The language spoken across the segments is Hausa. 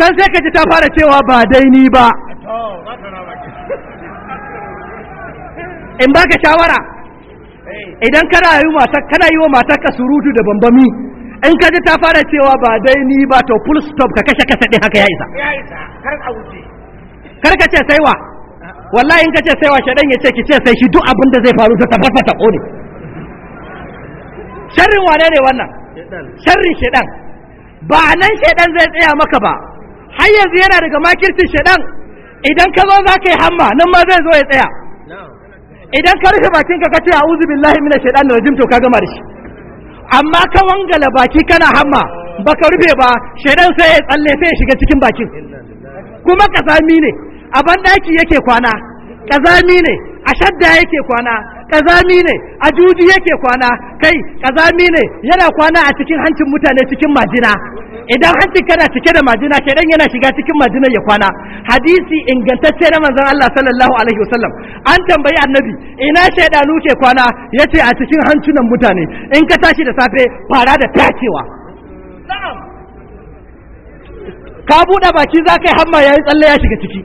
can sai ka ji ta fara cewa ba dai ni ba in baka shawara idan kana yi kana yi wa matar ka surutu da bambami in ka ji ta fara cewa ba dai ni ba to full stop ka kashe kasa din haka ya isa kar ka ce sai wa wallahi in ka ce sai wa shaɗan ya ce ki ce sai shi duk abin da zai faru ta tabbata ta kone sharrin wane ne wannan sharrin shaɗan ba nan shaɗan zai tsaya maka ba har yanzu yana daga makircin shaɗan idan ka zo za ka yi hamma nan ma zai zo ya tsaya idan ka rufe bakin ka kace a'udhu billahi minash shaitani rajim to ka gama da shi amma ka wangala baki kana hamma baka rufe ba shaidan sai ya tsalle sai ya shiga cikin bakin kuma kazami ne a bandaki yake kwana kazami ne a shadda yake kwana kazami ne a juji yake kwana kai kazami ne yana kwana a cikin hancin mutane cikin majina idan hancin kana cike da majina shaidan yana shiga cikin majinar ya kwana hadisi ingantacce na manzon Allah sallallahu alaihi wasallam an tambayi annabi ina shedanu ke kwana yace a cikin hancunan mutane in ka tashi da safe fara da tacewa ka buɗe baki za ka yi hamma ya yi tsalle ya shiga ciki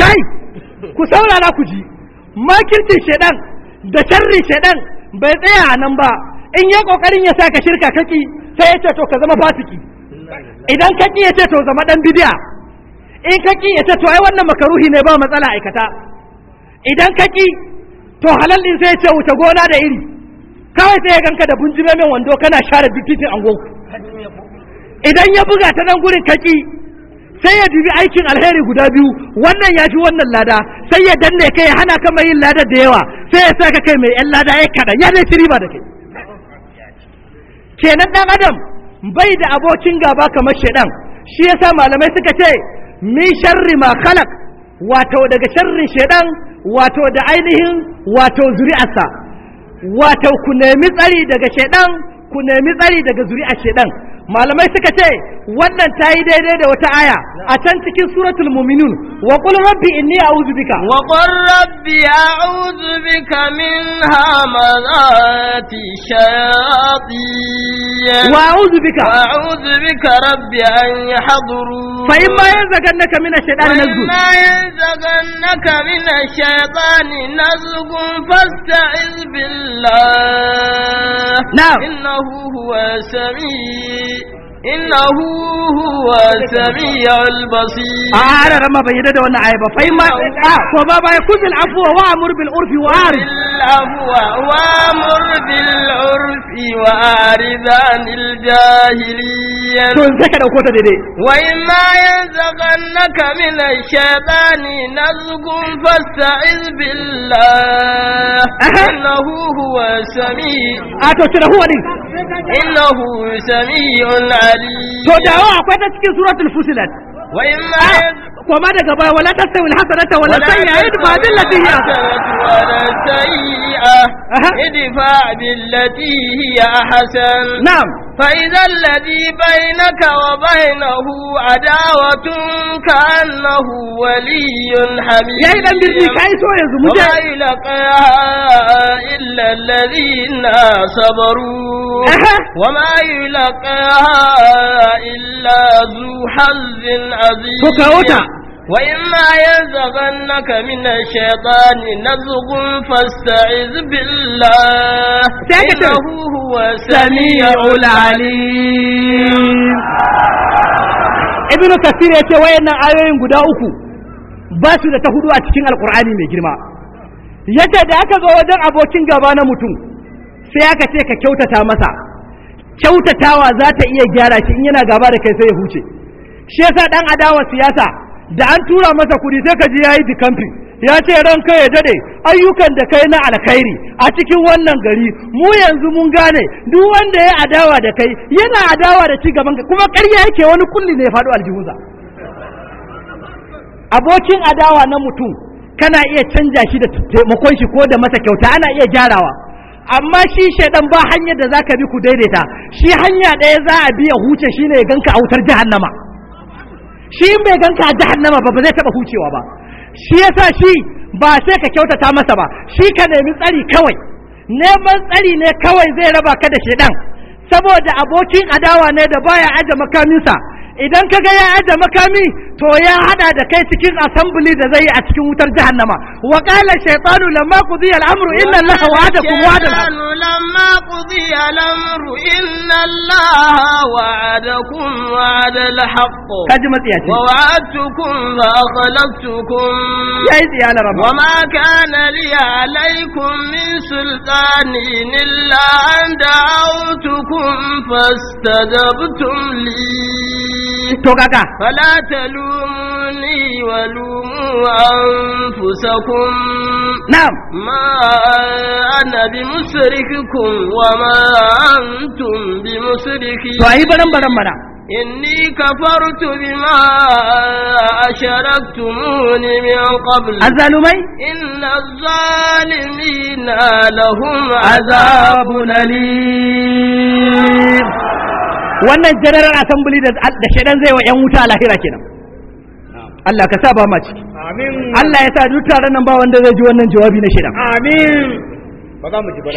kai ku saurara ku ji makircin shedan da sharri shedan bai tsaya a nan ba in yi ƙoƙarin ya sa ka shirka kaki sai ya ce to ka zama fasiki idan ka ƙi ya ce to zama ɗan bidiya in ka ƙi ya ce to ai wannan makaruhi ne ba matsala aikata idan ka ƙi to halal ɗin sai ya ce wuce gona da iri kawai sai ya ganka da bunjime mai wando kana share dukitin angon idan ya buga ta nan gurin ka ƙi sai ya dubi aikin alheri guda biyu wannan ya fi wannan lada sai ya danne kai ya hana ka mai yin ladar da yawa sai ya sa ka kai mai yan lada ya kaɗan ya dai ci riba da kai kenan ɗan adam bai da abokin gaba kamar shaɗan shi yasa malamai suka ce mi sharri ma khalaq wato daga sharrin shaidan wato da ainihin wato zuri'arsa wato ku nemi tsari daga shaidan ku nemi tsari daga zuri'ar shaidan malamai suka ce wannan ta yi daidai da wata aya a can cikin suratul muminun wa qul rabbi inni a'udhu bika wa qul rabbi a'udhu bika min hamazati shayatin wa a'udhu bika wa a'udhu bika rabbi an yahduru fa imma yanzaganaka min ash-shaytani nazghun fa yanzaganaka min ash-shaytani nazghun fasta'iz billah Now, نعم. إنه هو سميع البصير. آه، أنا لما بيدد وأنا عيب فإما آه فما بيكون بالعفو وأمر بالعرف وأعرف. العفو وامر بالعرف وأعرض عن الجاهلية وإما ينزغنك من الشيطان نزغ فاستعذ بالله إنه هو السميع إنه سميع عليم to dawo akwai ta cikin وما ذا غبا ولا تستوي الحسنه ولا السيئه ادفع بالتي هي ولا ادفع بالتي هي احسن نعم فإذا الذي بينك وبينه عداوة كأنه ولي حميد وما يلقاها إلا الذين صبروا وما يلقاها إلا ذو حظ عظيم وإما ينزغنك من الشيطان نزغ فاستعذ بالله إنه هو السميع العليم ibnu kasir ya ce wayannan ayoyin guda uku ba su da ta hudu a cikin alkur'ani mai girma ya ce da aka zo wajen abokin gaba na mutum sai aka ce ka kyautata masa kyautatawa za ta iya gyara shi in yana gaba da kai sai ya huce shi yasa dan adawa siyasa da an tura masa kuɗi sai ka ji ya yi dikampi ya ce ran kai ya jade ayyukan da kai na alkhairi a cikin wannan gari mu yanzu mun gane duk wanda ya adawa da kai yana adawa da ci gaban kuma ƙarya yake wani kulli ne ya faɗo aljihuza. abokin adawa na mutum kana iya canja shi da taimakon shi ko da masa kyauta ana iya gyarawa amma shi shaidan ba hanyar da za ka bi ku daidaita shi hanya ɗaya za a bi ya huce shine ya ganka a wutar jahannama shi in bai ganka a jahannama ba ba zai taba hucewa ba shi yasa shi ba sai ka kyautata masa ba shi ka nemi tsari kawai neman tsari ne kawai zai raba ka da shedan saboda abokin adawa ne da baya aje makaminsa idan ka ga ya aje makami to ya hada da kai cikin assembly da zai a cikin wutar jahannama wa qala shaytanu lamma qudiya al-amru inna allaha wa'adakum shaytanu lamma qudiya al'amru amru inna allaha wa'adakum wa'ada al-haqq kaji matsiya ce wa wa'adtukum fa akhlaftukum yayi tsiya la rabba wa ma kana li alaykum min sultanin illa an da'awtukum fastajabtum li to kaka fala talumuni wa anfusakum na'am ma ana bi musrikikum wa ma antum bi musriki to ayi baran baran mana Inni kafartu bima asharaktumuni min qabl. Azalumai. Inna lahum azabun alim. wannan general assembly da shaidan zai wa 'yan wuta lahira kenan Allah ka sa ba ma ciki Allah ya sa duk taron nan ba wanda zai ji wannan jawabi na shaidan amin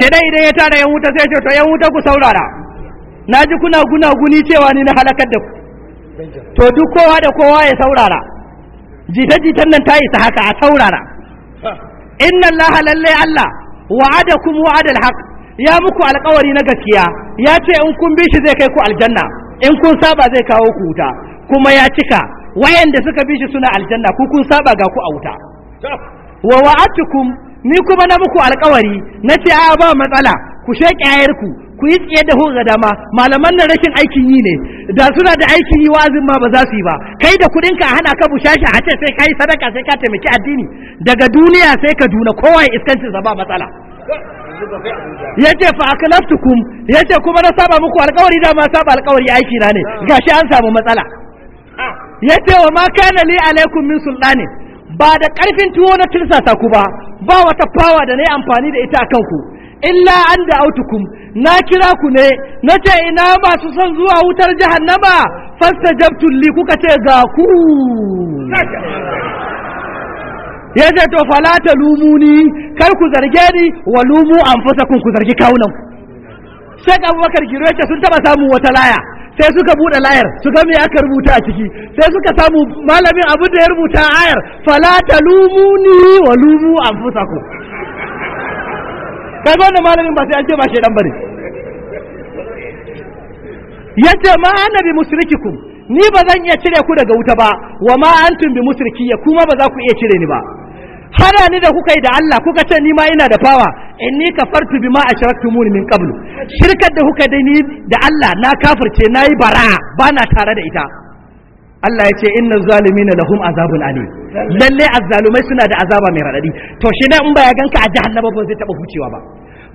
shaidan idan ya tara 'yan wuta sai ce to 'yan wuta ku saurara na ji kuna guna guni cewa ni na halakar da ku to duk kowa da kowa ya saurara jita-jitan nan ta isa haka a saurara inna Allah lallai Allah wa'adakum wa'adal haqq ya muku alkawari na gaskiya ya ce in kun bi shi zai kai ku aljanna in kun saba zai kawo ku wuta kuma ya cika wayanda suka bi shi suna aljanna ku kun saba ga ku a wuta wa wa'atukum ni kuma na muku alkawari na ce a ba matsala ku sheƙe ayarku ku yi tsiye da hura dama malaman nan rashin aikin yi ne da suna da aikin yi wa'azin ma ba za su yi ba kai da kuɗin ka hana ka bushashi a ce sai ka sadaka sai ka taimaki addini daga duniya sai ka duna kowa ya iskanci ba matsala yace fa aklaftukum yace kuma na saba muku alƙawari da ma saba alƙawari aiki na ne gashi an samu matsala yace wa ma kana li alaikum min sultani ba da karfin tuwo na tirsasa ku ba ba wata fawa da yi amfani da ita a ku illa an da autukum na kira ku ne na ce ina masu son zuwa wutar jahannama fasta jabtulli kuka ce ga ku ya ce to falata ta lumuni kar ku zarge ni wa lumu fasa kun ku zargi kawunan sai abubakar giro ya sun taba samun wata laya sai suka bude layar suka me aka rubuta a ciki sai suka samu malamin abin da ya rubuta ayar falata ta lumuni wa lumu anfusakum kai wannan malamin ba sai an ce ba shedan bane ce ma annabi musrikikum ni ba zan iya cire ku daga wuta ba wa ma antum bi musrikiyya kuma ba za ku iya cire ni ba Hana ni da kuka yi da Allah kuka ce ni ma ina da fawa in ma kafartu bima muni min kablu shirkar da kuka dai ni da Allah na kafirce yi bara na tare da ita Allah ya ce inna na lahum azabun alim lalle azzalumai suna da azaba mai raɗaɗi to shi ne in ba ya ganka a jahannama ba zai taɓa hucewa ba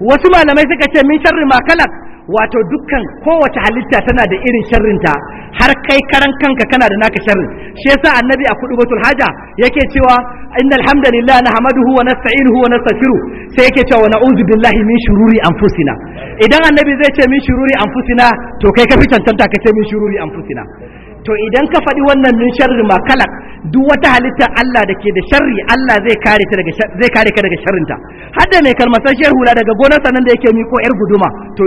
wasu malamai suka ce min sharri ma kalak wato dukkan kowace halitta tana da irin sharrinta har kai karan kanka kana da naka sharrin shi yasa annabi a kudu batul haja yake cewa innal hamdalillah nahmaduhu wa nasta'inuhu wa nastaghfiru sai yake cewa na'udhu billahi min shururi anfusina idan annabi zai ce min shururi anfusina to kai ka fi cancanta ka ce min shururi anfusina to idan ka faɗi wannan min sharri ma kalak duk wata halitta Allah da ke da sharri Allah zai kare ka daga sharrinta har da mai kalmasan shehu hula daga gonar sanan da yake miko yar guduma to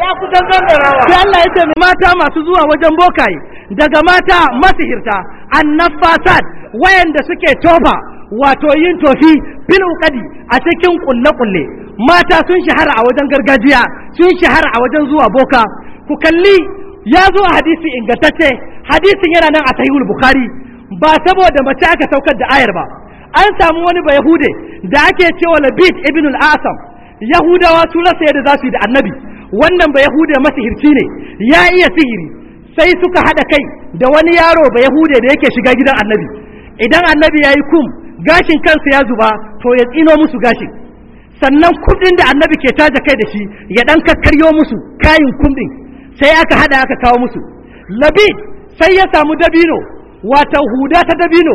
ya kusan gangarawa sai Allah ya ce mata masu zuwa wajen bokaye daga mata masihirta annafasat wayanda suke toba wato yin tofi bil uqadi a cikin kulle kulle mata sun shahara a wajen gargajiya sun shahara a wajen zuwa boka ku kalli ya zo a hadisi ingantacce hadisin yana nan a sahihul bukhari ba saboda mace aka saukar da ayar ba an samu wani ba yahude da ake cewa labid ibn al-asam yahudawa su rasa yadda za su yi da annabi wannan ba yahude masihirci ne ya iya sihiri sai suka hada kai da wani yaro ba yahude da yake shiga gidan annabi idan annabi ya yi kum gashin kansa ya zuba to ya tsino musu gashin sannan kudin da annabi ke taja kai da shi ya dan kakkaryo musu kayin kundin sai aka hada aka kawo musu labid sai ya samu dabino wata huda ta dabino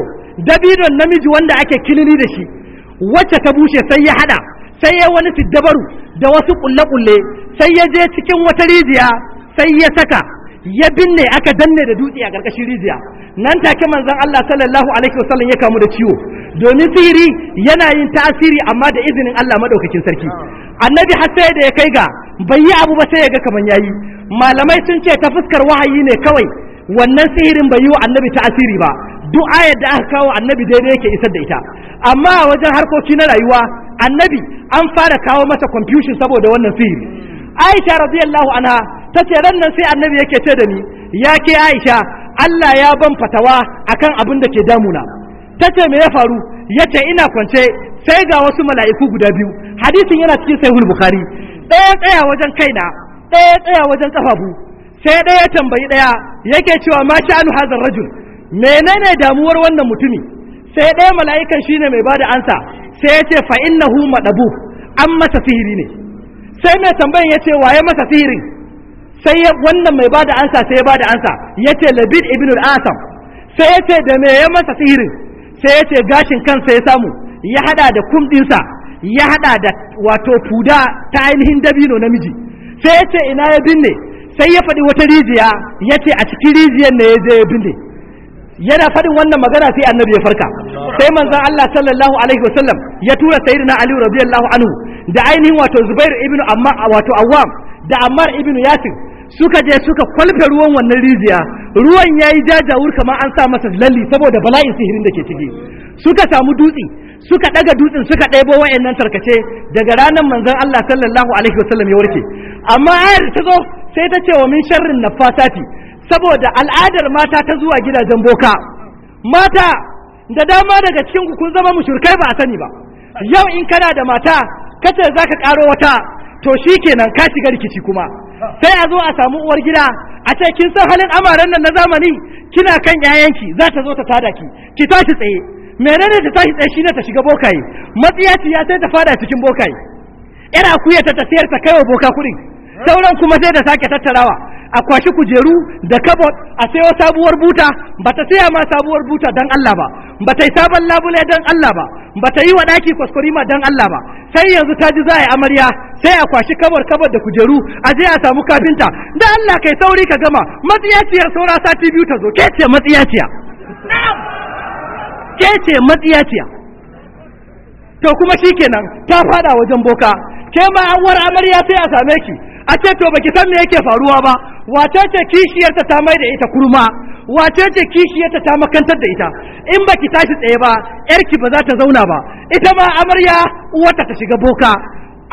dabinon namiji wanda ake kilili da shi wacce ta bushe sai ya hada sai ya wani siddabaru da wasu kulle-kulle sai ya je cikin wata rijiya sai ya saka ya binne aka danne da dutse a ƙarƙashin rijiya nan take manzon Allah sallallahu alaihi wasallam ya kamu da ciwo domin sihiri yana yin tasiri amma da izinin Allah madaukakin sarki annabi har sai da ya kai ga bai yi abu ba sai ya ga kaman yayi malamai sun ce ta fuskar wahayi ne kawai wannan sihirin bai yi wa annabi tasiri ba duk ayar da aka kawo annabi daidai yake isar da ita amma a wajen harkoki na rayuwa annabi an fara kawo masa confusion saboda wannan sihiri aisha radiyallahu anha ta ce ran nan sai annabi yake ce da ni ya ke aisha Allah ya ban fatawa akan abin da ke damuna ta ce me ya faru ya ce ina kwance sai ga wasu mala'iku guda biyu hadisin yana cikin sahihul bukhari ɗaya tsaya wajen kaina ɗaya tsaya wajen kafafu sai ɗaya ya tambayi ɗaya yake cewa ma anu hazar rajul menene damuwar wannan mutumi sai ɗaya mala'ikan shine mai bada ansa sai ya ce fa innahu madabu an masa sihiri ne sai mai tambayin ya ce waye masa sihirin sai wannan mai bada ansa sai ya bada ansa ya ce labid ibn al-asam sai ya ce da me ya masa sihirin sai ya ce gashin kansa ya samu ya hada da kumɗinsa ya hada da wato fuda ta ainihin dabino namiji sai ya ce ina ya binne sai ya faɗi wata rijiya ya ce a cikin rijiyar ne ya je ya binne yana faɗin wannan magana sai annabi ya farka sai manzon Allah sallallahu alaihi wasallam ya tura sayyidina Ali radiyallahu anhu da ainihin wato Zubairu ibn amma wato awam da Ammar ibn Yasir suka je suka kwalfe ruwan wannan rijiya ruwan ya yi jajawur kamar an sa masa lalli saboda bala'in sihirin da ke ciki suka samu dutse suka daga dutsen suka ɗebo wayannan tarkace daga ranar manzon Allah sallallahu alaihi wasallam ya warke amma ayar ta zo sai ta ce wa min sharrin nafasati saboda al'adar mata ta zuwa gidajen boka mata da dama daga cikin kun zama mushrikai ba a sani ba yau in kana da mata kace za ka karo wata to shi kenan ka shiga rikici kuma sai a zo a samu uwar gida a ce kin san halin amaren nan na zamani kina kan yayanki za ta zo ta tada ki ki tashi tsaye menene ta tashi tsaye ne ta shiga bokaye matsiyaci ya sai ta fada cikin bokaye ira akuya ta sayar ta kaiwa boka kuɗin? sauran kuma sai da sake tattarawa a kwashi kujeru da kabot a sayo sabuwar buta ba ta saya ma sabuwar buta dan Allah ba ba ta yi sabon labule dan Allah ba ba ta yi wa ɗaki ma dan Allah ba sai yanzu ta ji za a yi amarya sai a kwashi kabar kabar da kujeru a je a samu kafinta da Allah kai sauri ka gama matsiyaciyar saura sati biyu ta zo ke ce matsiyaciya ke ce matsiyaciya to kuma shikenan ta fada wajen boka ke ma an war amarya sai a same ki a ce to baki san me yake faruwa ba wace ce kishiyarta ta mai da ita kurma wace ce kishiyarta ta makantar da ita in baki tashi tsaye ba yarki ba za ta zauna ba ita ma amarya uwarta ta shiga boka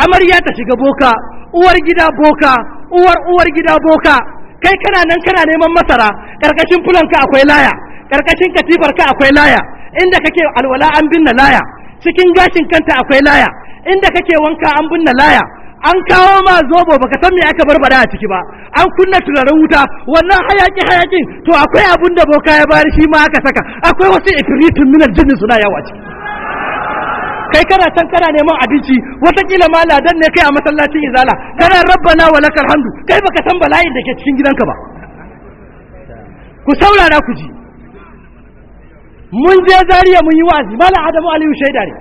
amarya ta shiga boka uwar gida boka uwar uwar gida boka kai kana nan kana neman masara karkashin fulanka akwai laya karkashin katifarka akwai laya inda kake alwala an binna laya cikin gashin kanta akwai laya inda kake wanka an binna laya an kawo ma zobo baka san me aka barbada a ciki ba an kunna turaren wuta wannan hayaki hayakin to akwai abun da boka ya bayar shi ma aka saka akwai wasu ifritun minar jinnin suna yawa ciki kai kana can kana neman abinci watakila ma ladan ne kai a masallacin izala kana rabbana wa lakal hamdu kai baka san bala'in da ke cikin gidanka ba ku saurara ku ji mun je zariya mun yi wa'azi malam adamu aliyu shaida ne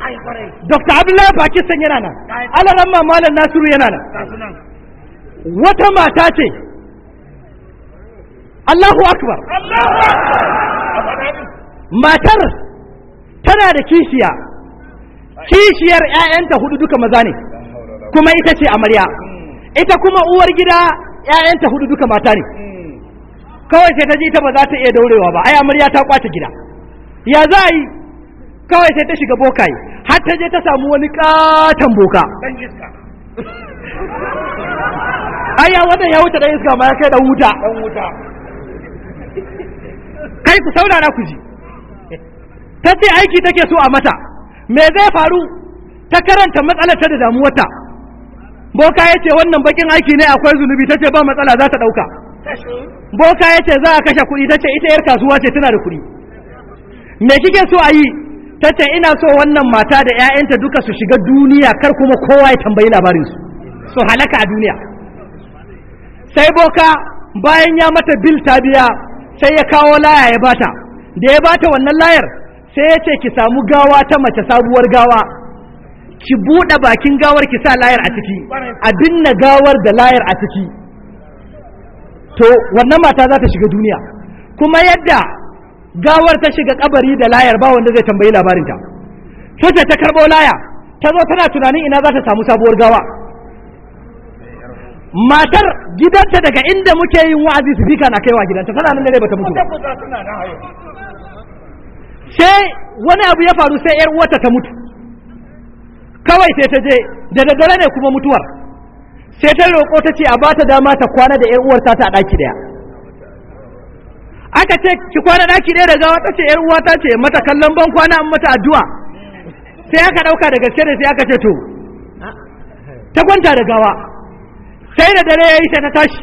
dr abdullahi pakistan yana nan ma malam nasiru yana nan wata mata ce allahu akbar matar tana da kishiya kishiyar 'ya'yanta hudu duka maza ne kuma ita ce amarya hmm. ita kuma uwar gida 'ya'yanta hudu duka mata ne hmm. kawai sai ta ji ita ba za ta iya daurewa ba ai amarya ta kwace gida ya za yi kawai sai ta shiga bokaye har ta je ta samu wani katon boka aya wannan ya wuce dan iska ma ya kai dan wuta dan wuta kai ku saurara ku ji ta ce aiki take so a mata me zai faru ta karanta matsalar ta da damuwarta boka ya ce wannan bakin aiki ne akwai zunubi ta ce ba matsala za ta ɗauka boka ya ce za a kashe kuɗi ta ce ita yar kasuwa ce tana da kuɗi me kike so a yi tace ina so wannan mata da 'ya'yanta duka su shiga duniya kar kuma kowa ya tambayi labarinsu su halaka a duniya sai boka bayan ya mata bil tabiya sai ya kawo laya ya bata da ya bata wannan layar sai ya ce ki samu gawa ta mace sabuwar gawa ki buɗe bakin gawar ki sa layar a ciki a binne gawar da layar a ciki to wannan mata za ta shiga duniya kuma yadda gawar ta shiga kabari da layar ba wanda zai tambayi labarinta sai ta karɓo laya ta zo tana tunanin ina za ta samu sabuwar gawa matar gidanta daga inda muke yin wa'azi su fika na kaiwa gidanta tana nan dare bata mutu sai wani abu ya faru sai yar uwarta ta mutu kawai sai ta je da daddare ne kuma mutuwar sai ta roƙo ta ce a bata dama ta kwana da yar uwarta ta a ɗaki daya aka ce ki kwana daki ɗaya daga wata ce yar uwata ce mata kallon ban kwana an mata addu'a sai aka ɗauka da gaske ne sai aka ce to ta kwanta da gawa sai da dare yayi sai ta tashi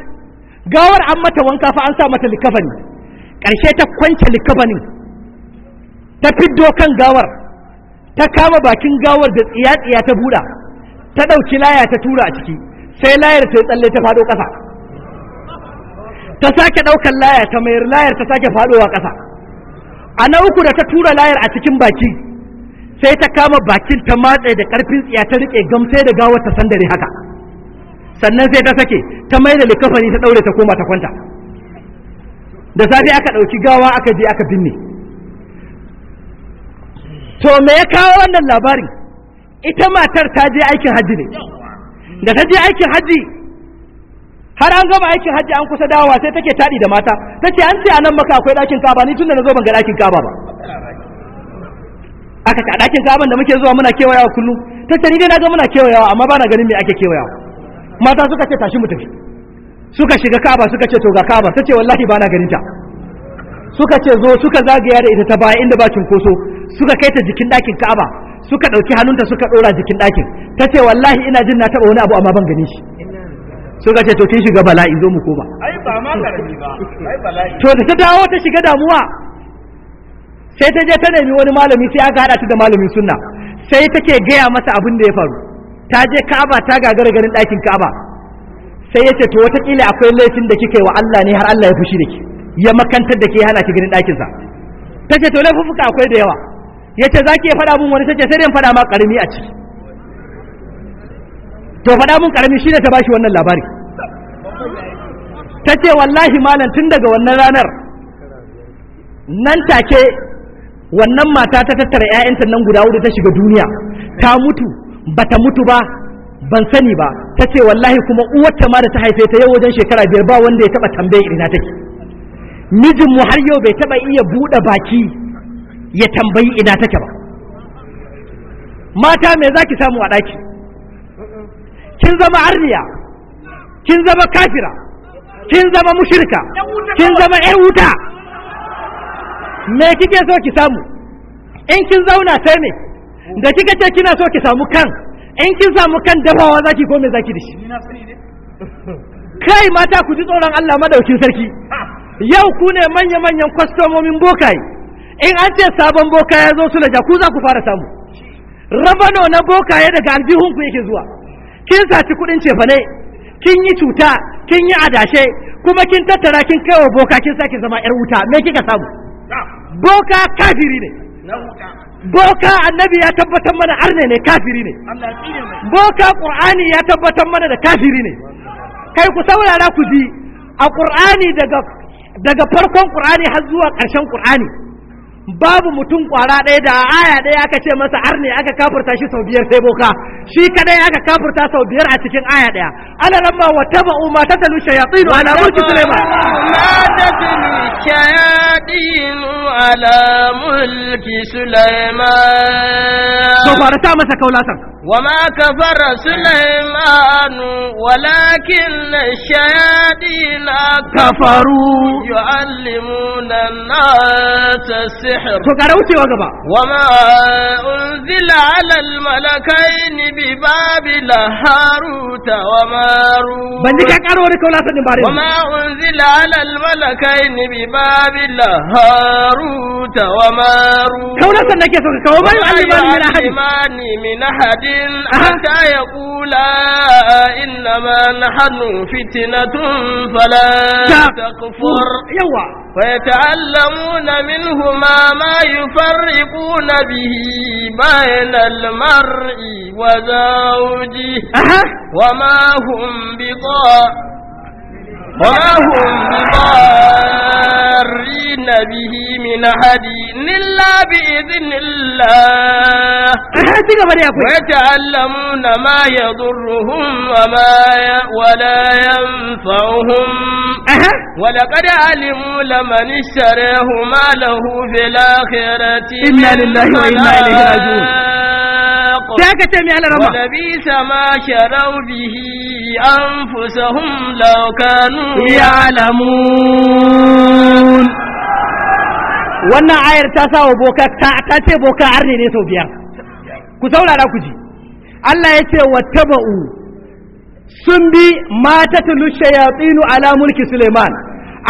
gawar an mata wanka fa an sa mata likafani karshe ta kwance likafanin ta fiddo kan gawar ta kama bakin gawar da tsiya-tsiya ta buɗa ta ɗauki laya ta tura a ciki sai layar ta tsalle ta faɗo ƙasa ta sake ɗaukar layar ta mayar layar ta sake faɗowa ƙasa a na uku da ta tura layar a cikin baki sai ta kama bakin ta matse da ƙarfin tsiya ta riƙe gamsai da gawar ta sandare haka sannan sai ta sake ta mai da likafani ta ɗaure ta koma ta kwanta da safe aka ɗauki gawa aka je aka binne to me ya kawo wannan labarin ita matar ta je aikin hajji ne da ta je aikin hajji har an gama aikin hajji an kusa dawowa sai take taɗi da mata ta ce an ce a nan maka akwai ɗakin kaba ni tun na zo ban ga ɗakin kaba ba aka ta ɗakin kaba da muke zuwa muna kewayawa kullum ta ce ni dai na ga muna kewayawa amma ba na ganin me ake kewayawa mata suka ce tashi mu tafi suka shiga kaba suka ce to ga kaba ta ce wallahi ba na ganin ta suka ce zo suka zagaya da ita ta baya inda ba cunkoso suka kai ta jikin ɗakin kaba suka ɗauki hannunta suka ɗora jikin ɗakin ta ce wallahi ina jin na taɓa wani abu amma ban gani shi suka ce to kin shiga bala'i zo mu koma ai ba ma karami ba ai bala'i to da ta dawo ta shiga damuwa sai ta je ta nemi wani malami sai aka hada ta da malamin sunna sai take gaya masa abin da ya faru ta je Ka'aba ta gagara ganin ɗakin Ka'aba sai ya ce to watakila akwai laifin da kika yi wa Allah ne har Allah ya fushi da ya makantar da ke hana ki ganin ɗakinsa ta ce to laifuka akwai da yawa ya ce za ki faɗa mun wani ta ce sai dai fada ma ƙarami a ciki to faɗa mun karami shine ta bashi wannan labari ta ce wallahi malam tun daga wannan ranar nan take wannan mata ta tattara 'ya'yanta nan guda hudu ta shiga duniya ta mutu ba ta mutu ba ban sani ba ta ce wallahi kuma uwarta ma da ta haife ta yau wajen shekara biyar ba wanda ya taba tambaye irina take mijin mu har yau bai taɓa iya buɗe baki ya tambayi ina take ba mata me zaki samu a ɗaki kin zama arniya kin zama kafira kin zama mushirka kin zama ƴar wuta me kike so ki samu in kin zauna sai ne da kika ce kina so ki samu kan in kin samu kan dafawa zaki ko me zaki dashi kai mata ku ji tsoron Allah madaukin sarki yau ku ne manya manyan kwastomomin bokaye in an ce sabon boka ya zo su da ku za ku fara samu rabano na bokaye daga ku yake zuwa kin saci kuɗin cefane kin yi cuta kin yi adashe kuma kin tattara kin kai wa boka kin sake zama yar wuta me kika samu boka kafiri ne boka annabi ya tabbatar mana arne ne kafiri ne boka qur'ani ya tabbatar mana da kafiri ne kai ku saurara ku ji a qur'ani daga daga farkon qur'ani har zuwa ƙarshen qur'ani babu mutum kwara ɗaya da aya ɗaya aka ce masa arne aka kafurta shi sau biyar sai boka shi kadai aka kafurta sau biyar a cikin aya ɗaya ana lamma wa taba umma ta talu shayatin ala mulki sulaiman ma ta talu shayatin ala mulki sulaiman to fara ta masa kaulatan wa ma kafara sulaiman walakin na kafaru yu'allimuna an السحر وما أنزل على الملكين بباب هاروت وماروت وما أنزل على الملكين بباب هاروت وماروت وما يعلمان من أحد حتى يقول إنما نحن فتنة فلا تكفر فيتعلمون منهما ما يفرقون به بين المرء وزوجه وما هم بضاء وما هم بضارين به من أحد إلا بإذن الله ويتعلمون ما يضرهم وما ولا ينفعهم ولقد علموا لمن اشتريه ما له في الآخرة إنا لله وإنا إليه راجعون ذاك تمي على رمى ولبيس ما شروا به أنفسهم لو كانوا يعلمون wannan ayar ta sa wa boka ta ce boka arne ne sau biyar ku saurara ku ji Allah ya ce wa taba'u sun bi mata shayatsinu ala mulki suleiman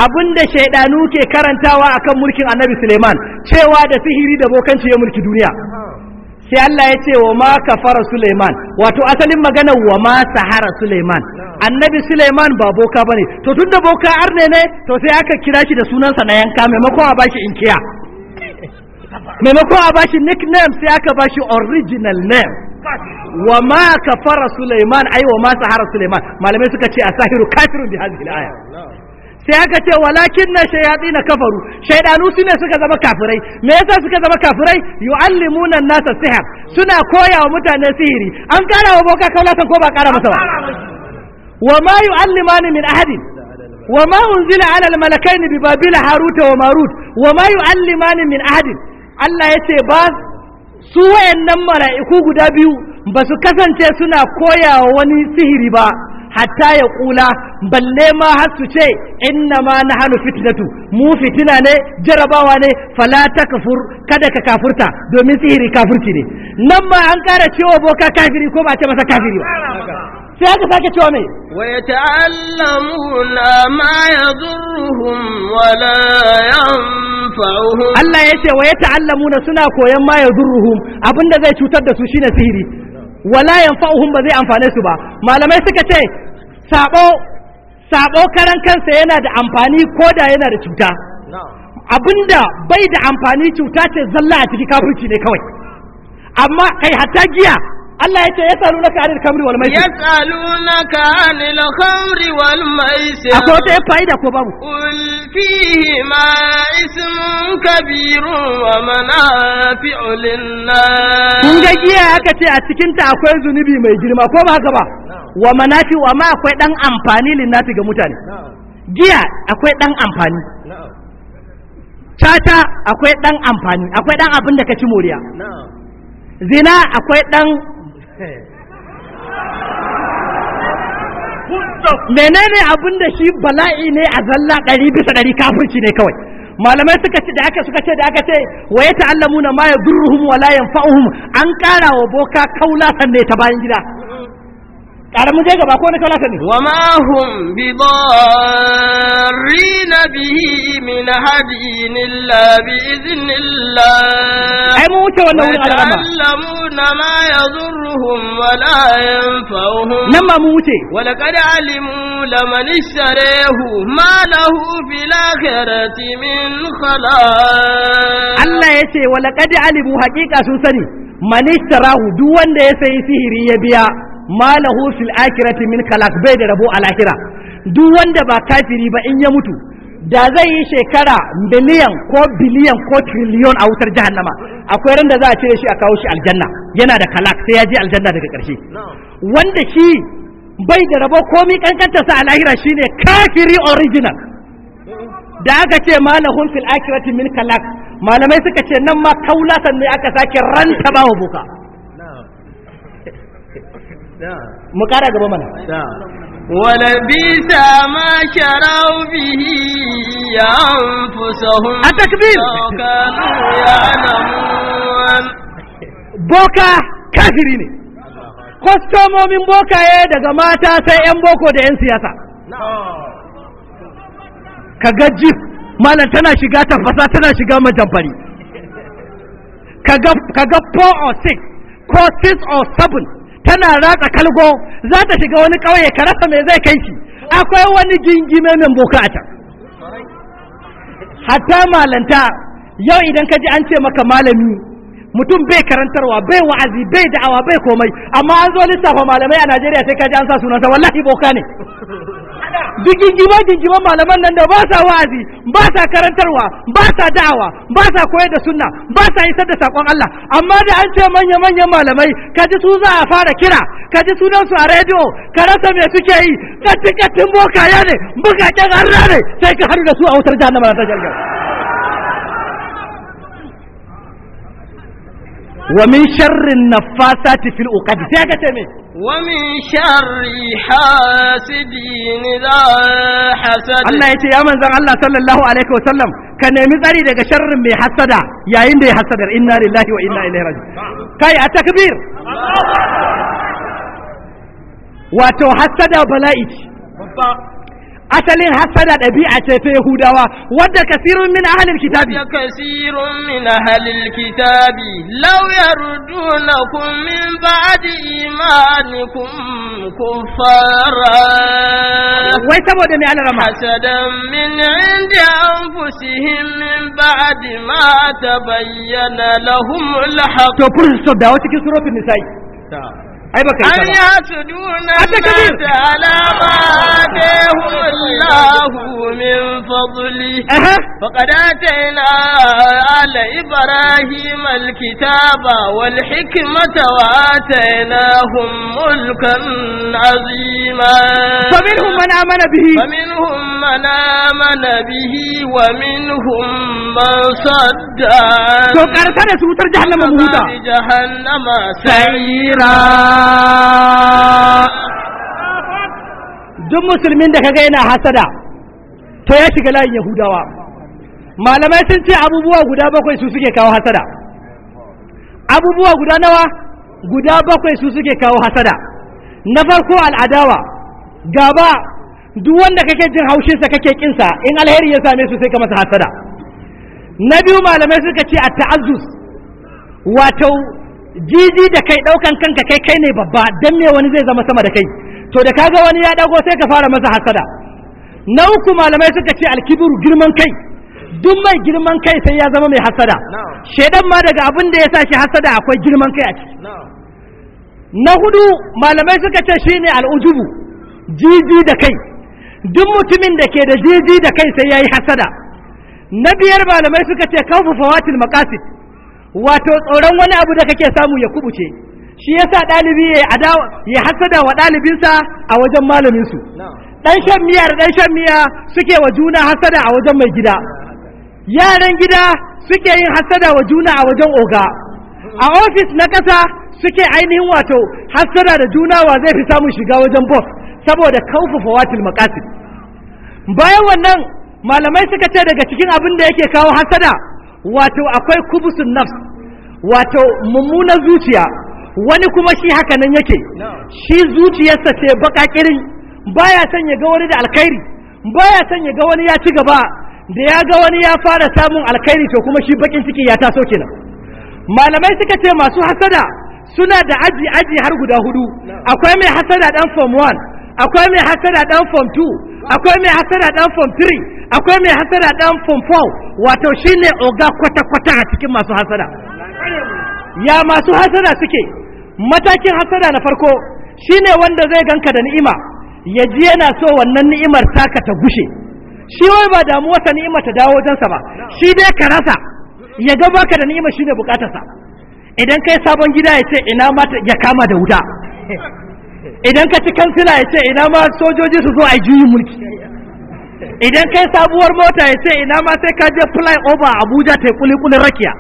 abinda shaidanu ke karantawa akan mulkin annabi suleiman cewa da sihiri da bokanci ya mulki duniya sai Allah ya ce wa ma kafara Suleiman wato asalin magana wa ma sahara Suleiman annabi Suleiman ba boka ba ne, to tun da boka arne ne to sai aka kira shi da sunansa na yanka maimakon a bashi inkiya maimakon a bashi nickname sai aka bashi original name wa ma kafara Suleiman ai wa ma sahara Suleiman malamai suka ce sahiru kafirun bi hadhihi aya sai aka ce walakin na shayadi na kafaru shaidanu su ne suka zama kafirai me yasa suka zama kafirai yu'allimuna nasa sihir suna koya wa mutane sihiri an kara wa boka kaulata ko ba kara masa ba wa ma yu'allimani min ahadin wa ma unzila ala al-malakaini bi babila harut wa marut wa ma yu'allimani min ahadin Allah ya ce ba su wayannan mala'iku guda biyu ba su kasance suna koya wa wani sihiri ba hatta ya kula balle ma har su ce inna ma na hannu fitnatu mu fitina ne jarabawa ne fala ta kafur kada ka kafurta domin sihiri kafurci ne nan ma an kara cewa boka kafiri ko ba ce masa kafiri ba sai aka sake cewa mai waya ta'allamuna ma yadurruhum wala yanfa'uhum Allah ya ce waya ta'allamuna suna koyan ma yadurruhum abinda zai cutar da su shine sihiri wala yanfa'uhum ba zai amfane su ba malamai suka ce sabo sabo karan kansa yana da amfani ko da yana da cuta abinda bai da amfani cuta ce zalla a ciki kafirci ne kawai amma kai hatta giya Allah ya ce ya tsalu na ka'anil kamri wal maisir. Ya tsalu na ka'anil kamri wal maisir. Akwai wata ya fa'ida ko babu? Ulfihi ma ismun kabiru wa mana fi ulinna. Kun ga giya aka ce a cikinta akwai zunubi mai girma ko ba gaba? Wa mana fi wa ma akwai ɗan amfani linnati ga mutane. Giya akwai ɗan amfani. Cata akwai ɗan amfani, akwai ɗan abin da ka ci moriya. Zina akwai ɗan menene abin da shi bala'i ne a zalla ɗari bisa ɗari kafirci ne kawai malamai suka ce da aka suka ce da aka ce wa ya ta'allamu na ma ya durruhum wa la yanfa'uhum an ƙara wa boka kaula sanne ta bayan gida ƙara mu je gaba ko na kalaka ne wa ma hum bi darrin bihi min hadin illa bi idhnillah ai mu wuce wannan wurin alama ya'lamuna ma yadhurruhum wa la yanfa'uhum nan ma mu wuce wa laqad alimu laman ishtarahu ma lahu fil akhirati min khalaq Allah yace wa laqad alimu haqiqa sun sani man ishtarahu duk wanda ya sayi sihiri ya biya malahu fil akhirati min kalak bai da rabo a lahira duk wanda ba kafiri ba in ya mutu da zai yi shekara miliyan ko biliyan ko triliyon a wutar jahannama akwai ran da za a cire shi a kawo shi aljanna yana da kalak sai ya je aljanna daga ƙarshe wanda shi bai da rabo komi kankanta sa a lahira shine kafiri original da aka ce malahun fil akhirati min kalak malamai suka ce nan ma kaulatan ne aka sake ranta bawa buka mu kara gaba mana ma ولبيس bi ya به أنفسهم التكبير كانوا يعلمون بوكا كافرين kwastomomin ya daga mata sai 'yan boko da 'yan siyasa ka gaji malam tana shiga tafasa tana shiga majamfari ka ga 4 or 6 ko 6 or 7 tana ratsa kalgo za ta shiga wani ƙauye ka rasa mai zai kai ki akwai wani jingime mai boka a can hatta malanta yau idan ka ji an ce maka malami mutum bai karantarwa bai wa'azi bai da'awa bai komai amma an zo lissafa malamai a najeriya sai ka ji an sa sunansa wallahi boka ne duk gingima malaman nan da ba sa wa'azi ba sa karantarwa ba sa da'awa ba sa koyar da sunna ba sa isar da sakon Allah amma da an ce manya manyan malamai ka ji su za a fara kira ka ji sunan su a rediyo ka rasa me suke yi katin katin ya ne bukaken harra ne sai ka haru da su a wutar jahannama ta jirgin ومن شر النفاثات في العقد ومن شر حاسد إذا حسد الله يتي يا من الله صلى الله عليه وسلم ka nemi tsari daga sharrin mai hasada yayin da ya hasadar inna lillahi wa inna ilaihi raji kai a takbir wato hasada bala'i asalin hasada ɗabi'a ce ta yahudawa wadda kasirun min ahalil kitabi wadda kasirun min ahalil kitabi law yardunakum min ba'di imanikum kuffara wai saboda me Allah rama hasadan min indi anfusihim min ba'di ma tabayyana lahum al-haq to kun so da wata cikin suratul nisa'i أن يحسدون الناس على ما آتيهم الله من فضله فقد آتينا آل إبراهيم الكتاب والحكمة وآتيناهم ملكا عظيما فمنهم من آمن به فمنهم من آمن به ومنهم من صد عنه فقد كانت جهنم مهودا جهنم سعيرا duk musulmin da kaga yana hasada to ya shiga layin yahudawa malamai sun ce abubuwa guda bakwai su suke kawo hasada abubuwa guda nawa guda bakwai su suke kawo hasada na farko al'adawa gaba duk wanda kake jin haushinsa kake kinsa in alheri ya same su sai ka masa hasada na biyu malamai suka ce a ta'azus wato jiji da kai ɗaukan kanka kai kai ne babba dan me wani zai zama sama da kai to da kaga wani ya dago sai ka fara masa hasada na uku malamai suka ce alkibiru girman kai duk mai girman kai sai ya zama mai hasada shedan ma daga abin da ya sa shi hasada akwai girman kai a ciki na hudu malamai suka ce shine al'ujubu jiji da kai duk mutumin da ke da jiji da kai sai ya yi hasada na biyar malamai suka ce kawfu fawatil maqasid wato tsoron wani abu da kake samu ya kubuce shi yasa ɗalibi ya adawa ya hasada wa ɗalibinsa a wajen malamin su dan shan miya da dan shan miya suke wa juna hasada a wajen mai gida yaran gida suke yin hasada wa juna a wajen oga a ofis na ƙasa suke ainihin wato hasada da juna wa zai fi samun shiga wajen boss saboda kaufafa watil maqasid bayan wannan malamai suka ce daga cikin abin da yake kawo hasada wato akwai kubusun nafs wato mummunan zuciya wani kuma shi hakanan nan yake shi zuciyarsa ce baka baya son ya ga wani da alkhairi baya son ya ga wani ya ci gaba da ya ga wani ya fara samun alkhairi to kuma shi bakin ciki ya taso kenan malamai suka ce masu hasada suna da aji aji har guda hudu akwai mai hasada dan form 1 akwai mai hasada dan form 2 akwai mai hasada dan form 3 akwai mai hasada dan form 4 wato shine oga kwata-kwata a cikin masu hasada ya masu hasada suke matakin hasada na farko shine wanda zai ganka da ni'ima ya ji yana so wannan ni'imar taka ta gushe shi wai ba damu wata ni'ima ta dawo wajensa ba shi dai ka rasa ya ga baka da ni'ima shine bukatarsa idan kai sabon gida ya ce ina mata ya kama da wuta idan ka ci kansila ya ce ina ma sojoji su zo a juyin mulki idan kai sabuwar mota ya ce ina ma sai ka je fly over abuja ta kulikulin rakiya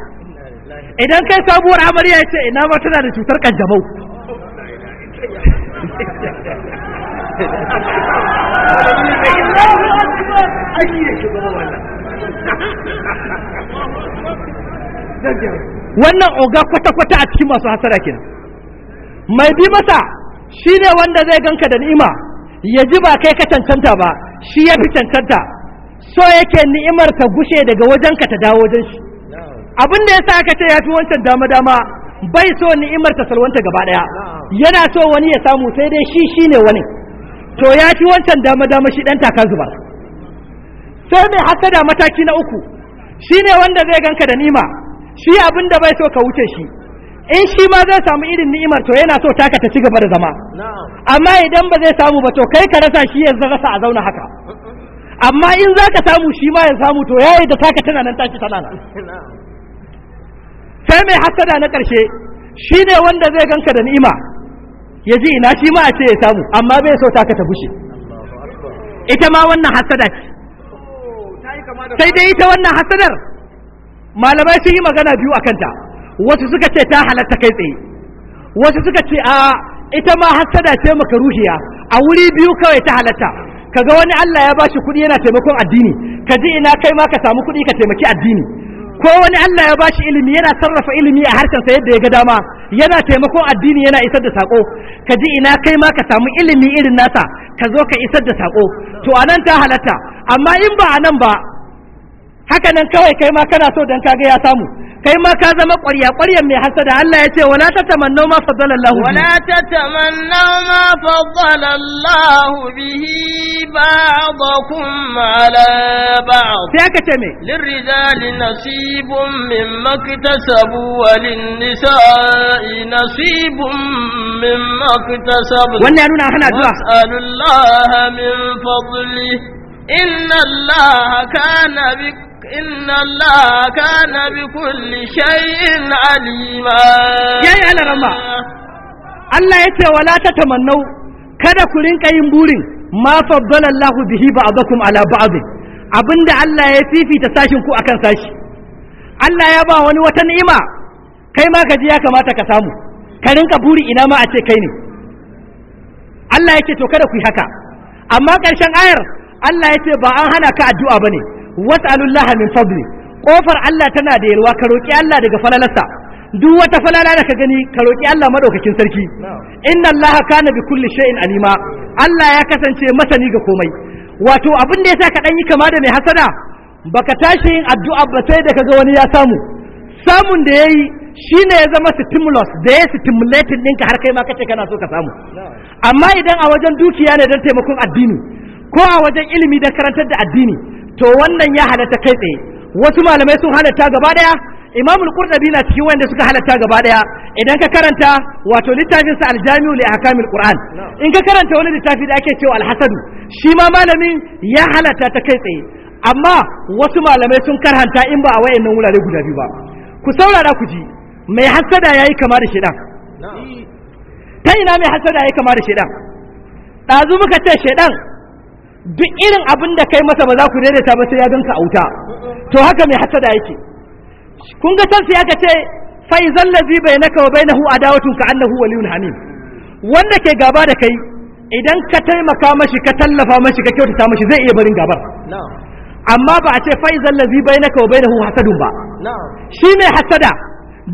idan kai sabuwar amarya ya ce ina ma tana da cutar kanjamau wannan oga kwata-kwata a cikin masu hasara kenan mai bi masa shi ne wanda zai ganka da ni'ima ya ji ba kai ka cancanta ba shi ya fi cancanta so yake ni'imar ta gushe daga wajen ka ta dawo wajen shi abin da ya sa aka ce ya fi wancan dama-dama bai so ni'imar ta salwanta gaba ɗaya yana so wani ya samu sai dai shi shi ne wani to ya fi wancan dama-dama shi ɗan taka zuba sai mai da mataki na uku shi ne wanda zai ganka da ni'ima shi abin da bai so ka wuce shi in shi ma zai samu irin ni'imar to yana so taka ta ci gaba da zama amma idan ba zai samu ba to kai ka rasa shi yanzu rasa a zauna haka amma in za ka samu shi ma ya samu to yayi da taka tana nan taki tana nan sai mai hasada na ƙarshe shi ne wanda zai ganka da ni'ima ya ji ina shi ma a ce ya samu amma bai so taka ta bushe ita ma wannan hasada ce oh, sai dai ita wannan hasadar malamai sun yi magana biyu a kanta wasu suka ce ta halatta kai tsaye wasu suka ce a ita ma hasada ce maka ruhiya a wuri biyu kawai ta halatta kaga wani Allah ya bashi kuɗi yana taimakon addini ka ji ina kai ma ka samu kuɗi ka taimaki addini ko wani Allah ya bashi ilimi yana sarrafa ilimi a sa yadda ya ga dama yana taimakon addini yana isar da sako ka ji ina kai ma ka samu ilimi irin nasa ka zo ka isar da sako to anan ta halatta amma in ba anan ba haka nan kawai kai ma kana so dan kage ya samu kai ma ka zama ƙwarya ƙwaryan mai hasada Allah ya ce wala tatamannu ma faddala Allah wala tatamannu ma faddala Allah bihi ba'dakum ala ba'd sai aka ce me lirrijali nasibun mimma iktasabu walin nisa'i nasibun mimma iktasabu wannan ya nuna kana addu'a sallallahu min fadli inna Allah kana bi إن الله كان بكل شيء عليما يا يا لرما الله يتي ولا تتمنوا kada ku rinka yin burin ma faddala Allahu bihi ba'dakum ala ba'd abinda Allah ya fifita sashin ku akan sashi Allah ya ba wani wata ni'ima kai ma kaji ya kamata ka samu ka rinka buri ina ma a ce kai ne Allah yake to kada ku yi haka amma ƙarshen ayar Allah ya ce ba an hana ka addu'a bane was'alullaha min fadli kofar Allah tana da yalwa ka roki Allah daga falalarsa duk wata falala da ka gani ka roki Allah madaukakin sarki inna Allah kana bi kulli shay'in alima Allah ya kasance masani ga komai wato abin da yasa ka dan yi kama da mai hasada baka tashi yin addu'a ba sai da kaga wani ya samu samun da yayi shine ya zama stimulus da ya stimulating ɗinka har kai ma kace kana so ka samu amma idan a wajen dukiya ne don taimakon addini ko a wajen ilimi don karantar da addini to wannan ya halatta kai tsaye wasu malamai sun halatta gaba daya imamul qurtubi na cikin wanda suka halatta gaba daya idan ka karanta wato littafin littafinsa aljami'u li ahkamil qur'an in ka karanta wani littafi da ake cewa alhasan shi ma malamin ya halatta ta kai tsaye amma wasu malamai sun karhanta in ba a wayannan wurare guda biyu ba ku saurara ku ji mai hasada yayi kama da shedan ta ina mai hasada yayi kama da shedan dazu muka ce shedan duk irin abin da kai masa ba za ku daidaita ba sai ya ganka a wuta to haka mai da yake kun ga san sai aka ce fa izal ladhi bainaka wa bainahu adawatun ka annahu waliyun hamim wanda ke gaba da kai idan ka taimaka mashi ka tallafa mashi ka kyautata mashi zai iya barin gabar amma ba a ce fa izal ladhi bainaka wa bainahu hasadun ba shi mai hasada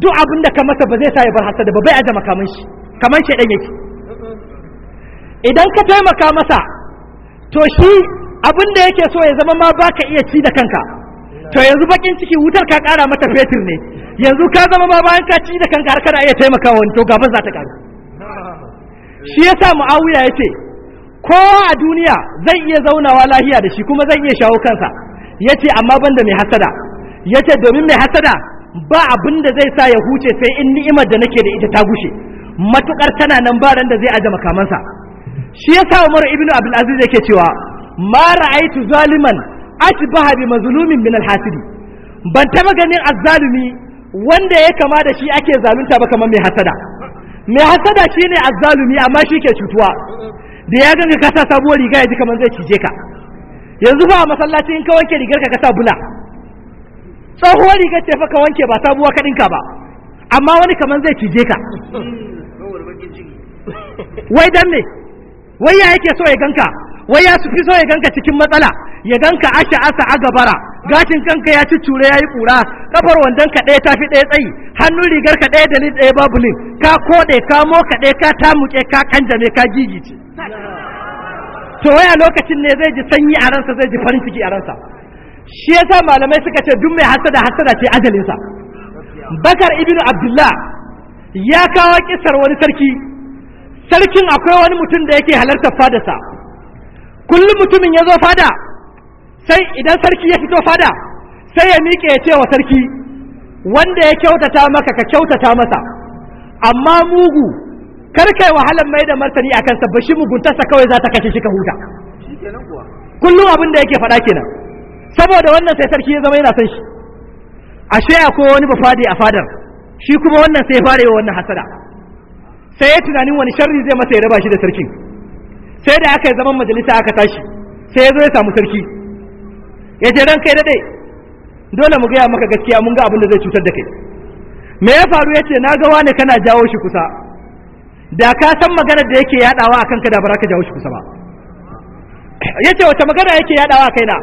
duk abin da ka masa ba zai sa ya bar hasada ba bai aje makamin shi kamar shedan yake idan ka taimaka masa to shi abin da yake so ya zama ma ba ka iya ci da kanka to yanzu bakin ciki wutar ka kara mata fetur ne yanzu ka zama ma bayan ka ci da kanka har kana iya taimaka wani to gaban za ta kare shi yasa muawiya yace kowa a duniya zai iya zaunawa lahiya da shi kuma zai iya shawo kansa yace amma banda mai hasada yace domin mai hasada ba abin da zai sa ya huce sai in ni'imar da nake da ita ta gushe matukar tana nan ba ran da zai aje makamansa shi ya yasa Umar ibn Abdul Aziz yake cewa ma ra'aitu zaliman atbaha bi mazlumin min al-hasidi ban taba ganin azzalumi wanda ya kama da shi ake zalunta ba kamar mai hasada mai hasada shine azzalumi amma shi ke cutuwa da ya ganka ka sabuwar riga ya ji kamar zai cije ka yanzu ba a masallaci in ka wanke rigar ka kasa sa bula tsohuwar rigar ce fa ka wanke ba sabuwa ka dinka ba amma wani kamar zai cije ka wai dan ne. wai ya yake so ya ganka wai ya fi so ya ganka cikin matsala ya ganka asha asa a gabara gashin kanka ya ci cure ya yi kura kafar wandon ka ɗaya tafi ɗaya tsayi hannun rigar ka ɗaya dalil ɗaya babu lin ka koɗe ka mokaɗe ka tamuke ka kanjame ka gigice to wai lokacin ne zai ji sanyi a ransa zai ji farin ciki a ransa shi yasa malamai suka ce duk mai hasada hasada ce ajalinsa bakar ibnu abdullah ya kawo kisar wani sarki sarkin akwai wani mutum da yake halartar fadarsa kullum mutumin ya zo fada sai idan sarki ya fito fada sai ya miƙe ya ce wa sarki wanda ya kyautata maka ka kyautata masa amma mugu kar kai wahalar mai da martani akan kansa ba shi muguntarsa kawai za ta kashe shi ka huta kullum abin da yake faɗa kenan saboda wannan sai sarki ya zama yana son shi ashe akwai wani fadi a fadar shi kuma wannan sai ya fara yi wa wannan hasada sai ya tunanin wani sharri zai masa ya raba shi da sarkin sai da aka yi zaman majalisa aka tashi sai ya zo ya samu sarki ya ce ran kai daɗe dole mu gaya maka gaskiya mun ga abin da zai cutar da kai me ya faru ya ce na ga ne kana jawo shi kusa da ka san maganar da yake yadawa a kanka da ba ka jawo shi kusa ba ya ce wata magana yake yadawa kai na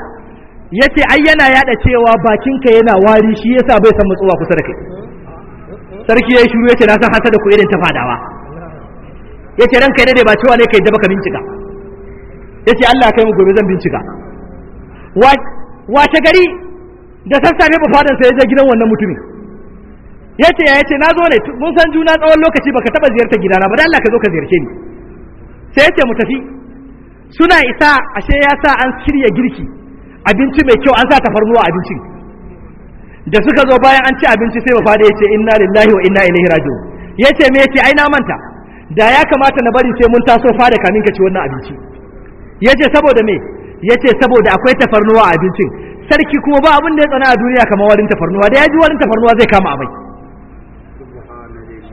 ya ce ai yana yada cewa bakinka yana wari shi yasa bai san matsuwa kusa da kai sarki ya yi shiru ya ce na san hasa da ku irin ta fadawa yace ranka dade ba cewa ne kai da baka bincika yace Allah kai mu gobe zan bincika wace gari da sassafe ba fadan sai ya je gidan wannan mutumin yace ya ce na zo ne mun san juna tsawon lokaci baka taba ziyarta gidana ba dan Allah ka zo ka ziyarce ni sai ya ce mu tafi suna isa ashe ya sa an shirya girki abinci mai kyau an sa tafarnuwa abincin da suka zo bayan an ci abinci sai ba ya ce inna lillahi wa inna ilaihi raji'un yace me yace ai na manta da ya kamata na bari sai mun taso fada kamin ka ci wannan abinci yace saboda me yace saboda akwai tafarnuwa a abincin sarki kuma ba abin da ya tsana a duniya kamar warin tafarnuwa da ya ji warin tafarnuwa zai kama amai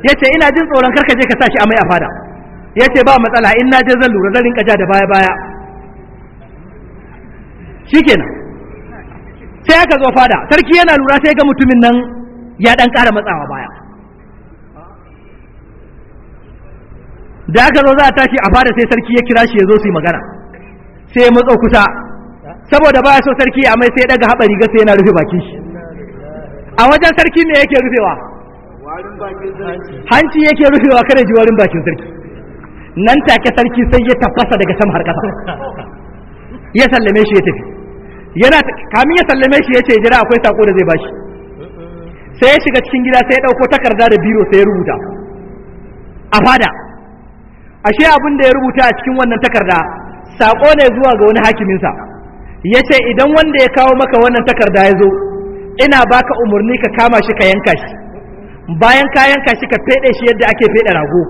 yace ina jin tsoron karka je ka sa shi amai a fada yace ba matsala in na je zan lura zan rinka ja da baya baya shikenan sai aka zo fada sarki yana lura sai ga mutumin nan ya dan kara matsawa baya da aka zo za a tashi a fada sai sarki ya kira shi ya zo su yi magana sai ya matso kusa saboda ba ya so sarki ya mai sai ya daga haɓa riga sai yana rufe bakin shi a wajen sarki ne yake rufewa hanci yake rufewa kada ji warin bakin sarki nan take sarki sai ya tafasa daga sama har ƙasa ya sallame shi ya tafi yana kamin ya sallame shi ya ce jira akwai sako da zai bashi sai ya shiga cikin gida sai ya ɗauko takarda da biro sai ya rubuta a fada ashe abin da ya rubuta a cikin wannan takarda sako ne zuwa ga wani hakiminsa ya ce idan wanda ya kawo maka wannan takarda ya zo ina baka umarni ka kama shi ka yanka shi bayan ka yanka shi ka feɗe shi yadda ake feɗe rago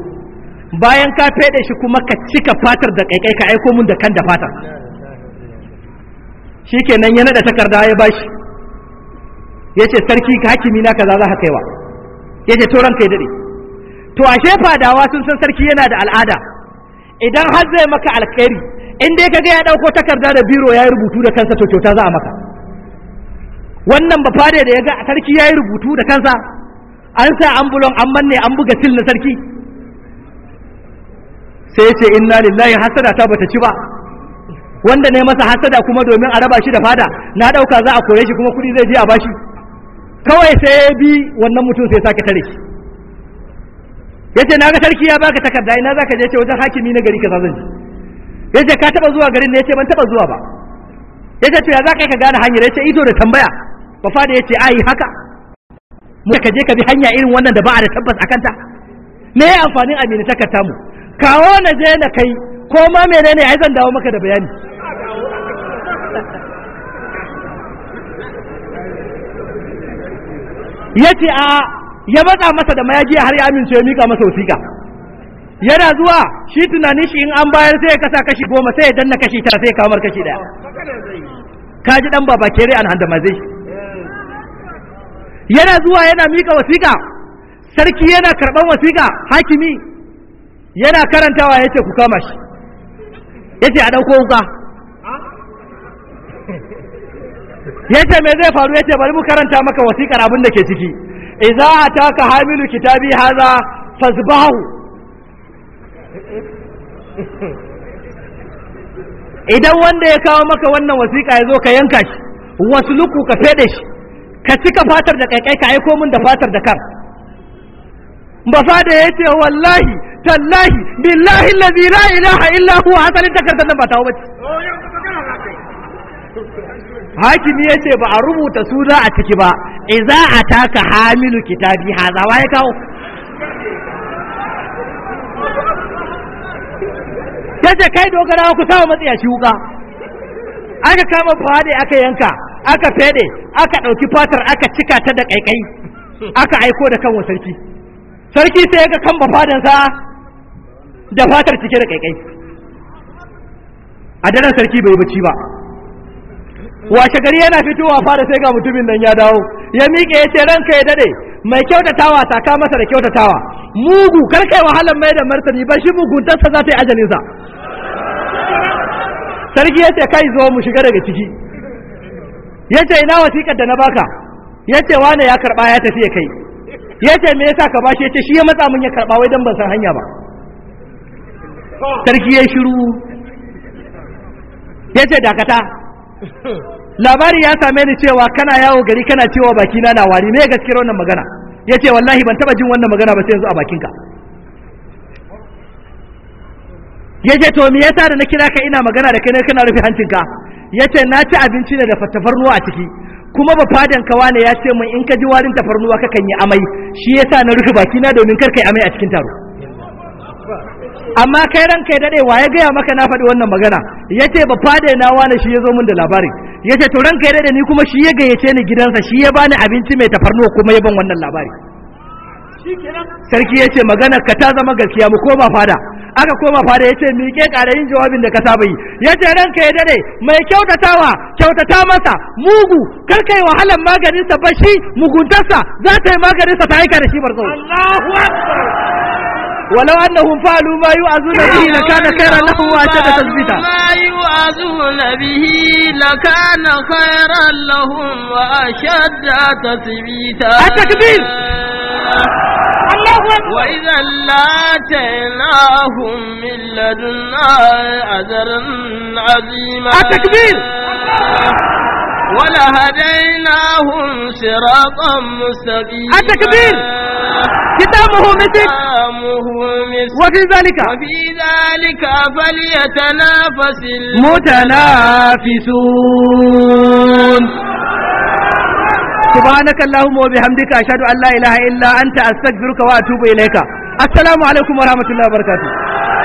bayan ka feɗe shi kuma ka cika fatar da ƙaiƙai ka aiko mun da kan da fatar shi kenan ya naɗa takarda ya bashi ya ce sarki hakimi na kaza za ka kaiwa ya ce to ranka ya daɗe to ashe fadawa sun san sarki yana da al'ada idan har zai maka alkhairi in dai ka ga ya dauko takarda da biro ya yi rubutu da kansa to kyauta za a maka wannan ba fade da ya ga sarki ya yi rubutu da kansa an sa ambulon an manne an buga sil na sarki sai ce inna lillahi hasada ta bata ci ba wanda ne masa hasada kuma domin a raba shi da fada na ɗauka za a kore shi kuma kuɗi zai je a bashi kawai sai bi wannan mutum sai sake tare shi yace na ga sarki ya baka takarda ina zaka je ce wajen hakimi na gari kaza zan je yace ka taba zuwa garin ne yace ban taba zuwa ba yace to ya zaka ka gane hanyar yace ido da tambaya ba fa da yace ai haka mu ka je ka bi hanya irin wannan da ba a da tabbas akan ta me ya amfanin amini takarda mu kawo na je na kai ko ma menene ai zan dawo maka da bayani yace a ya matsa masa da mayaji har ya amince ya mika masa wasiƙa yana zuwa shi tunanin shi in an bayar sai ya kasa kashi goma sai ya danna kashi tara sai ya kamar kashi daya ka ji dan baba kere an mazai yana zuwa yana mika wasiƙa sarki yana karban wasiƙa hakimi yana karantawa ya ce ku kama shi ya ce a ɗauko wuka ya ce me zai faru ya ce bari mu karanta maka wasiƙar abin da ke ciki idza ataka hamilu kitabi hadha fazbahu idan wanda ya kawo maka wannan wasiƙa ya zo ka yanka shi wasluku ka fede shi ka cika fatar da kaikai ka aiko min da fatar da kar. ba fada ya ce wallahi tallahi billahi allazi la ilaha illa huwa hasalin takardar nan ba ta bace hakimi ya ce ba a rubuta suna a ciki ba iza a taka hamilu kitabi hazawa ya kawo ya ce kai dogara ku sa matsiya shi wuka aka kama fade aka yanka aka fede aka ɗauki fatar aka cika ta da ƙaiƙai aka aiko da kanwa sarki sarki sai ya ga kan fadansa da fatar cike da ƙaiƙai a daren sarki bai bacci ba washe gari yana fitowa fara sai ga mutumin nan ya dawo ya miƙe ya ce ranka ya dade mai kyautatawa ka masa da kyautatawa mugu karkai wahalar mai da martani ba shi muguntarsa za ta yi ajalinsa sarki ya ce kai zo mu shiga daga ciki ya ce ina wasiƙar da na baka ya ce wane ya karɓa ya tafi ya kai ya ce me yasa ka bashi ya ce shi ya matsa mun ya karɓa wai dan ban san hanya ba sarki ya shiru ya ce dakata labari ya same ni cewa kana yawo gari kana cewa baki na wari me gaskiyar wannan magana yace wallahi ban taba jin wannan magana ba sai yanzu a bakinka yace to me yasa da na kira ka ina magana da kai ne kana rufe hancinka yace na ci abinci ne da tafarnuwa a ciki kuma ba fadan kawa ne ya ce min in ka ji warin tafarnuwa kakan yi amai shi yasa na rufe baki na domin kar kai amai a cikin taro amma kai ranka ya dade ya gaya maka na faɗi wannan magana yace ba fade na wani shi ya zo min da labarin yace to ranka ya dade ni kuma shi ya gayyace ni gidansa shi ya bani abinci mai tafarno kuma ya ban wannan labari sarki yace magana ka ta zama gaskiya mu koma fada aka koma fada yace ke ƙara yin jawabin da ka saba yi yace ranka ya dade mai kyautatawa kyautata masa mugu kar kai wahalan maganin sa bashi muguntarsa za ta yi maganin sa ta aika da shi barzo Allahu akbar ولو أنهم فعلوا ما يؤذون به لكان خيرا لهم وأشد تثبيتا ما يؤذون به لكان خيرا لهم وأشد تثبيتا التكبير وإذا لاتيناهم من لدنا أجرا عظيما التكبير ولهديناهم صراطا مستقيما أنت كبير كتابه مسك وفي ذلك وفي ذلك فليتنافس المتنافسون سبحانك اللهم وبحمدك أشهد أن لا إله إلا أنت أستغفرك وأتوب إليك السلام عليكم ورحمة الله وبركاته